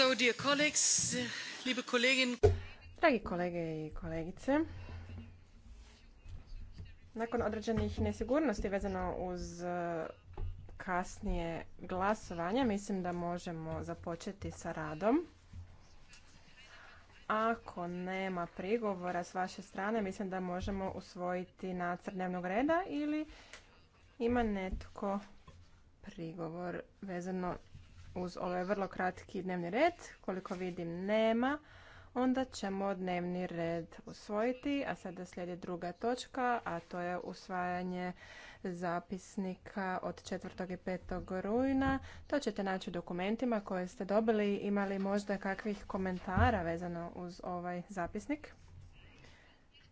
So, dear Dragi kolege i kolegice, nakon određenih nesigurnosti vezano uz eh, kasnije glasovanje, mislim da možemo započeti sa radom. Ako nema prigovora s vaše strane, mislim da možemo usvojiti nacrt dnevnog reda ili ima netko prigovor vezano uz ovaj vrlo kratki dnevni red. Koliko vidim nema, onda ćemo dnevni red usvojiti, a sada slijedi druga točka, a to je usvajanje zapisnika od 4. i 5. rujna. To ćete naći u dokumentima koje ste dobili. Imali možda kakvih komentara vezano uz ovaj zapisnik?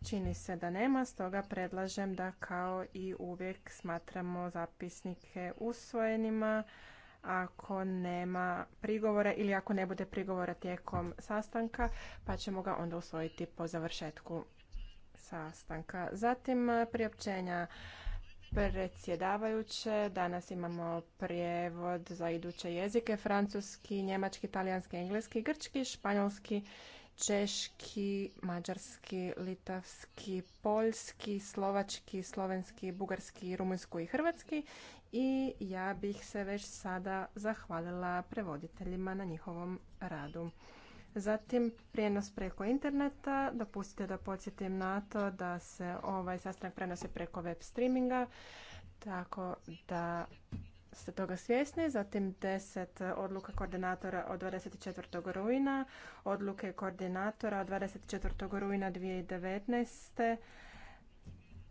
Čini se da nema, stoga predlažem da kao i uvijek smatramo zapisnike usvojenima ako nema prigovora ili ako ne bude prigovora tijekom sastanka, pa ćemo ga onda usvojiti po završetku sastanka. Zatim priopćenja predsjedavajuće. Danas imamo prijevod za iduće jezike. Francuski, njemački, talijanski, engleski, grčki, španjolski, češki, mađarski, litavski, poljski, slovački, slovenski, bugarski, rumunjski i hrvatski i ja bih se već sada zahvalila prevoditeljima na njihovom radu. Zatim prijenos preko interneta. Dopustite da podsjetim na to da se ovaj sastanak prenosi preko web streaminga, tako da ste toga svjesni. Zatim deset odluka koordinatora od 24. rujna, odluke koordinatora od 24. rujna 2019.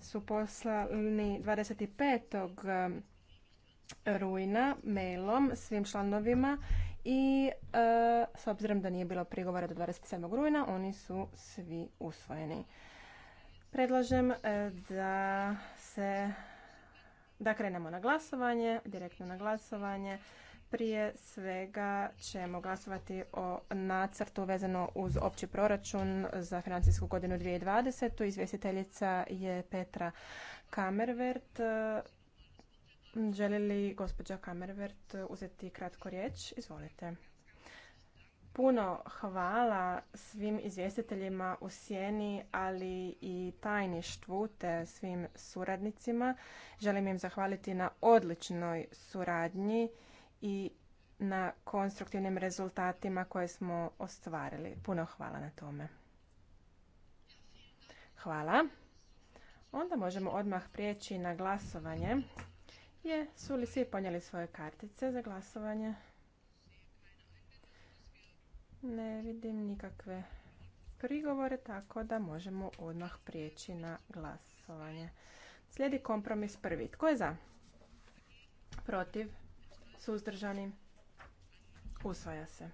su poslani 25 rujna mailom svim članovima i e, s obzirom da nije bilo prigovora do 27. rujna, oni su svi usvojeni. Predlažem e, da se da krenemo na glasovanje, direktno na glasovanje. Prije svega ćemo glasovati o nacrtu vezano uz opći proračun za financijsku godinu 2020. Izvjestiteljica je Petra Kamervert. Želi li gospođa Kamervert uzeti kratko riječ? Izvolite. Puno hvala svim izvjestiteljima u sjeni, ali i tajništvu te svim suradnicima. Želim im zahvaliti na odličnoj suradnji i na konstruktivnim rezultatima koje smo ostvarili. Puno hvala na tome. Hvala. Onda možemo odmah prijeći na glasovanje. Jesu li svi ponijeli svoje kartice za glasovanje? Ne vidim nikakve prigovore, tako da možemo odmah prijeći na glasovanje. Slijedi kompromis prvi. Tko je za? Protiv? Suzdržani? Usvaja se.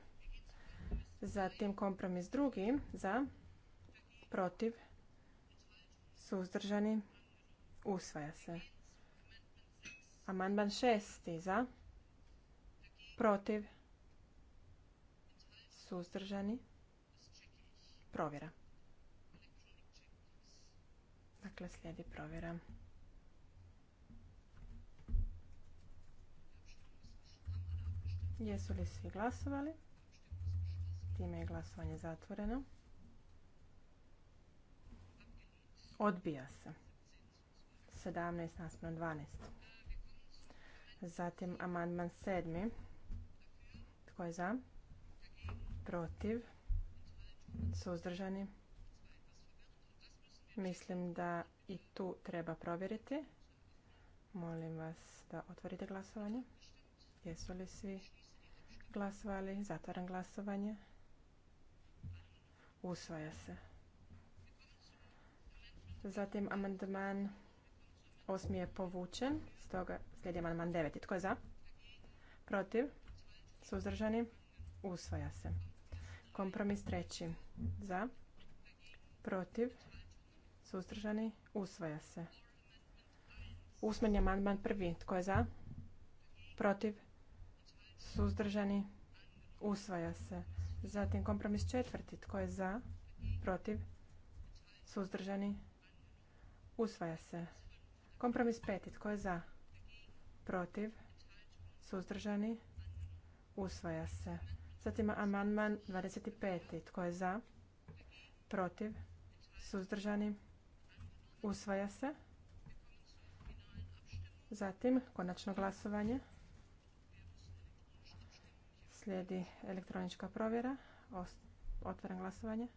Zatim kompromis drugi. Za? Protiv? Suzdržani? Usvaja se. Amandman šesti za. Protiv. Suzdržani. Provjera. Dakle, slijedi provjera. Jesu li svi glasovali? Time je glasovanje zatvoreno. Odbija se. 17 naspram 12. Zatim amandman sedmi. Tko je za? Protiv? Suzdržani? Mislim da i tu treba provjeriti. Molim vas da otvorite glasovanje. Jesu li svi glasovali? Zatvaram glasovanje. Usvaja se. Zatim amandman Osmi je povučen, stoga slijedi amandman deveti. Tko je za? Protiv? Suzdržani? Usvaja se. Kompromis treći. Za? Protiv? Suzdržani? Usvaja se. Usmeni amandman prvi. Tko je za? Protiv? Suzdržani? Usvaja se. Zatim kompromis četvrti. Tko je za? Protiv? Suzdržani? Usvaja se. Kompromis peti. Tko je za? Protiv? Suzdržani? Usvaja se. Zatim amandman 25. Tko je za? Protiv? Suzdržani? Usvaja se. Zatim konačno glasovanje. Slijedi elektronička provjera. Otvoren glasovanje.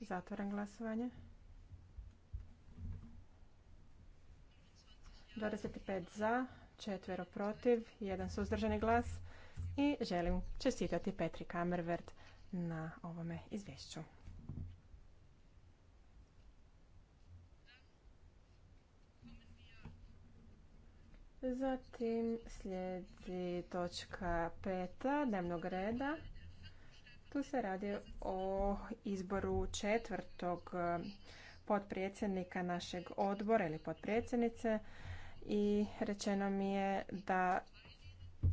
Zatvoren glasovanje. 25 za, 4 protiv, jedan suzdržani glas i želim čestitati Petri Kamervert na ovome izvješću. Zatim slijedi točka peta dnevnog reda. Tu se radi o izboru četvrtog potpredsjednika našeg odbora ili potpredsjednice i rečeno mi je da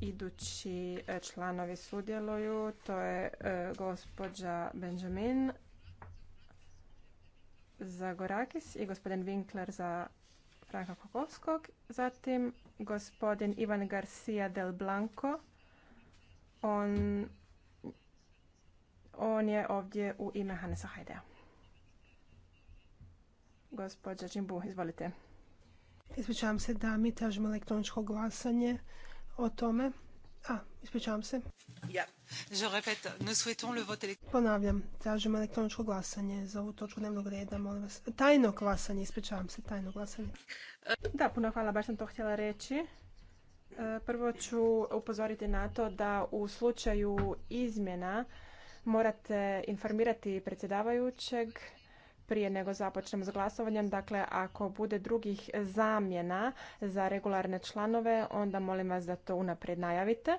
idući e, članovi sudjeluju, to je e, gospođa Benjamin za Gorakis i gospodin Winkler za Franka Kokovskog, zatim gospodin Ivan Garcia del Blanco, on, on je ovdje u ime Hanesa Hajdea. Gospođa Jimbo, izvolite. Ispričavam se da mi tražimo elektroničko glasanje o tome. A, ispričavam se. Ponavljam, tražimo elektroničko glasanje za ovu točku dnevnog reda, molim vas. Tajno glasanje, ispričavam se, tajno glasanje. Da, puno hvala, baš sam to htjela reći. E, prvo ću upozoriti na to da u slučaju izmjena morate informirati predsjedavajućeg prije nego započnemo s glasovanjem. Dakle, ako bude drugih zamjena za regularne članove, onda molim vas da to unaprijed najavite.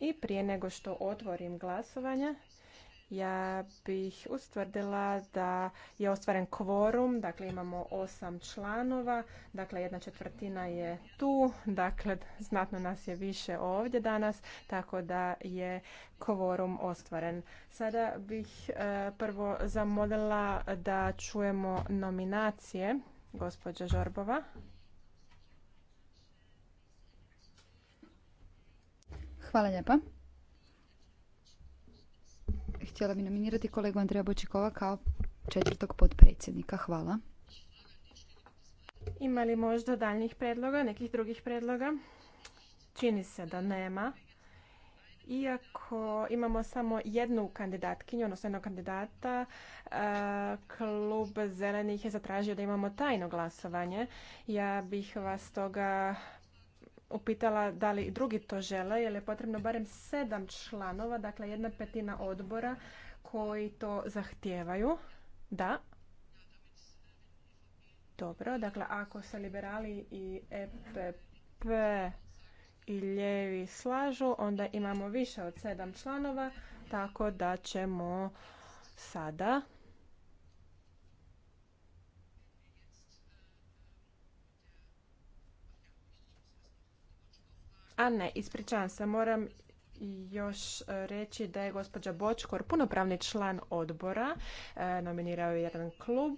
I prije nego što otvorim glasovanje, ja bih ustvrdila da je ostvaren kvorum, dakle imamo osam članova, dakle jedna četvrtina je tu, dakle znatno nas je više ovdje danas, tako da je kvorum ostvaren. Sada bih e, prvo zamolila da čujemo nominacije gospođa Žorbova. Hvala lijepa htjela bi nominirati kolegu Andreja Bočikova kao četvrtog podpredsjednika. Hvala. Ima li možda daljnjih predloga, nekih drugih predloga? Čini se da nema. Iako imamo samo jednu kandidatkinju, odnosno jednog kandidata, e, klub zelenih je zatražio da imamo tajno glasovanje. Ja bih vas toga upitala da li drugi to žele, jer je potrebno barem sedam članova, dakle jedna petina odbora koji to zahtijevaju. Da. Dobro, dakle ako se liberali i EPP i ljevi slažu, onda imamo više od sedam članova, tako da ćemo sada A ne, ispričavam se, moram još reći da je gospođa Bočkor punopravni član odbora, e, nominirao je jedan klub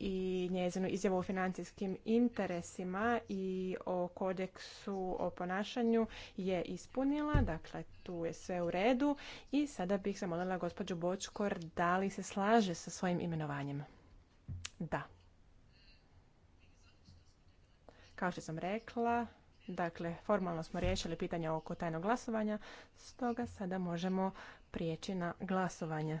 i njezinu izjavu o financijskim interesima i o kodeksu o ponašanju je ispunila, dakle tu je sve u redu i sada bih zamolila gospođu Bočkor da li se slaže sa svojim imenovanjem. Da. Kao što sam rekla, Dakle, formalno smo riješili pitanje oko tajnog glasovanja, stoga sada možemo prijeći na glasovanje.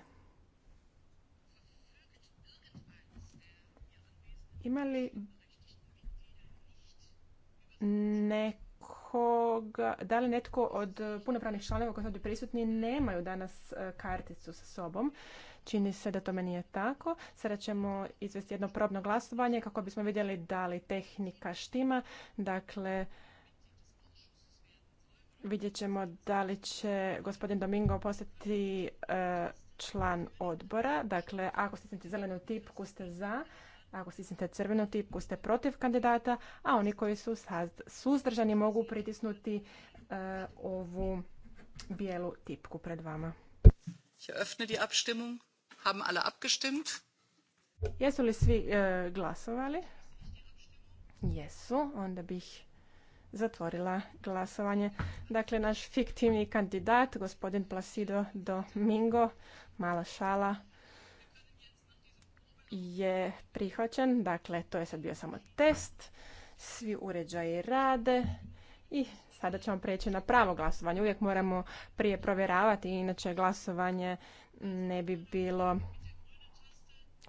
Ima li nekoga, da li netko od punopravnih članova koji su ovdje prisutni nemaju danas e, karticu sa sobom? Čini se da tome nije tako. Sada ćemo izvesti jedno probno glasovanje kako bismo vidjeli da li tehnika štima. Dakle, Vidjet ćemo da li će gospodin Domingo postati e, član odbora. Dakle, ako stisnete zelenu tipku ste za, ako stisnete crvenu tipku ste protiv kandidata, a oni koji su suzdržani mogu pritisnuti e, ovu bijelu tipku pred vama. Abstimmung. Jesu li svi e, glasovali? Jesu. Onda bih zatvorila glasovanje. Dakle, naš fiktivni kandidat, gospodin Placido Domingo, mala šala, je prihvaćen. Dakle, to je sad bio samo test. Svi uređaji rade i sada ćemo preći na pravo glasovanje. Uvijek moramo prije provjeravati, inače glasovanje ne bi bilo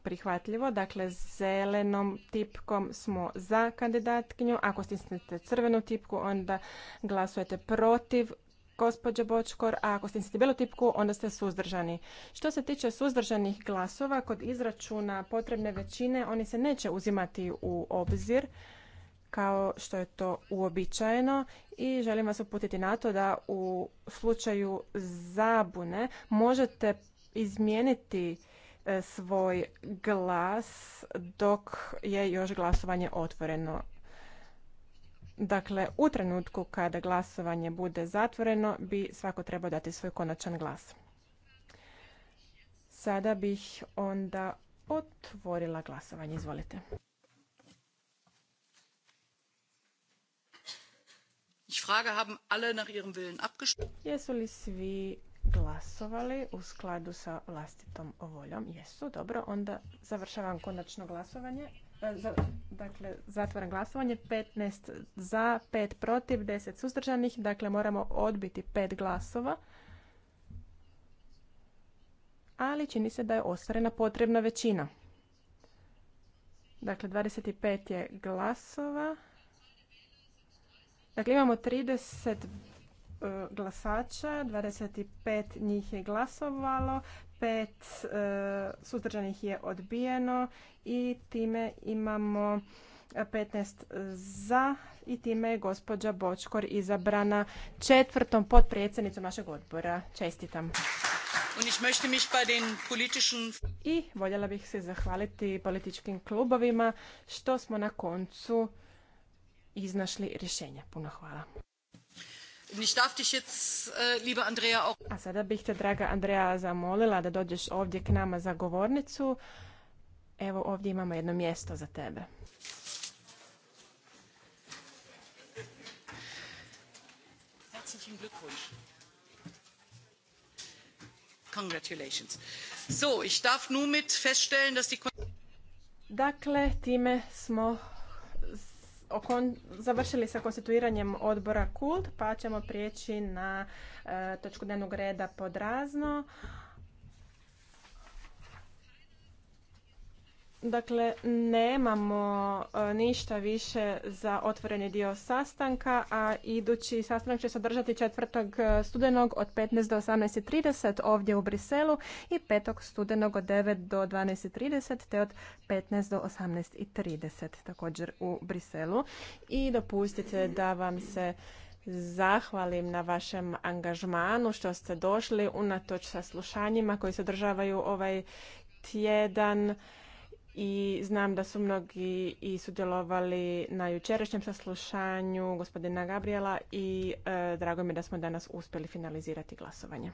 prihvatljivo. Dakle, zelenom tipkom smo za kandidatkinju. Ako stisnete crvenu tipku, onda glasujete protiv gospođe Bočkor, a ako stisnete belu tipku, onda ste suzdržani. Što se tiče suzdržanih glasova, kod izračuna potrebne većine oni se neće uzimati u obzir kao što je to uobičajeno i želim vas uputiti na to da u slučaju zabune možete izmijeniti svoj glas dok je još glasovanje otvoreno. Dakle, u trenutku kada glasovanje bude zatvoreno bi svako trebao dati svoj konačan glas. Sada bih onda otvorila glasovanje. Izvolite. Ich frage, Jesu li svi glasovali u skladu sa vlastitom voljom? Jesu, dobro. Onda završavam konačno glasovanje. E, dakle, zatvaram glasovanje. 15 za, 5 protiv, 10 suzdržanih. Dakle, moramo odbiti 5 glasova. Ali čini se da je ostvarena potrebna većina. Dakle, 25 je glasova. Dakle, imamo 30 E, glasača, 25 njih je glasovalo, 5 e, suzdržanih je odbijeno i time imamo 15 za i time je gospođa Bočkor izabrana četvrtom potpredsjednicom našeg odbora. Čestitam. I voljela bih se zahvaliti političkim klubovima što smo na koncu iznašli rješenja. Puno hvala. Äh, A sada bih te, draga Andreja, zamolila da dođeš ovdje k nama za govornicu. Evo ovdje imamo jedno mjesto za tebe. Herzlichen Glückwunsch. Congratulations. So, ich darf nun mit feststellen, dass die Dakle, time smo završili sa konstituiranjem odbora Kult, pa ćemo prijeći na e, točku dnevnog reda pod razno. Dakle, nemamo e, ništa više za otvoreni dio sastanka, a idući sastanak će se održati 4. E, studenog od 15 do 18.30 ovdje u Briselu i 5. studenog od 9 do 12.30 te od 15 do 18.30 također u Briselu. I dopustite da vam se zahvalim na vašem angažmanu što ste došli unatoč saslušanjima koji se održavaju ovaj tjedan i znam da su mnogi i sudjelovali na jučerašnjem saslušanju gospodina Gabriela i e, drago mi je da smo danas uspjeli finalizirati glasovanje.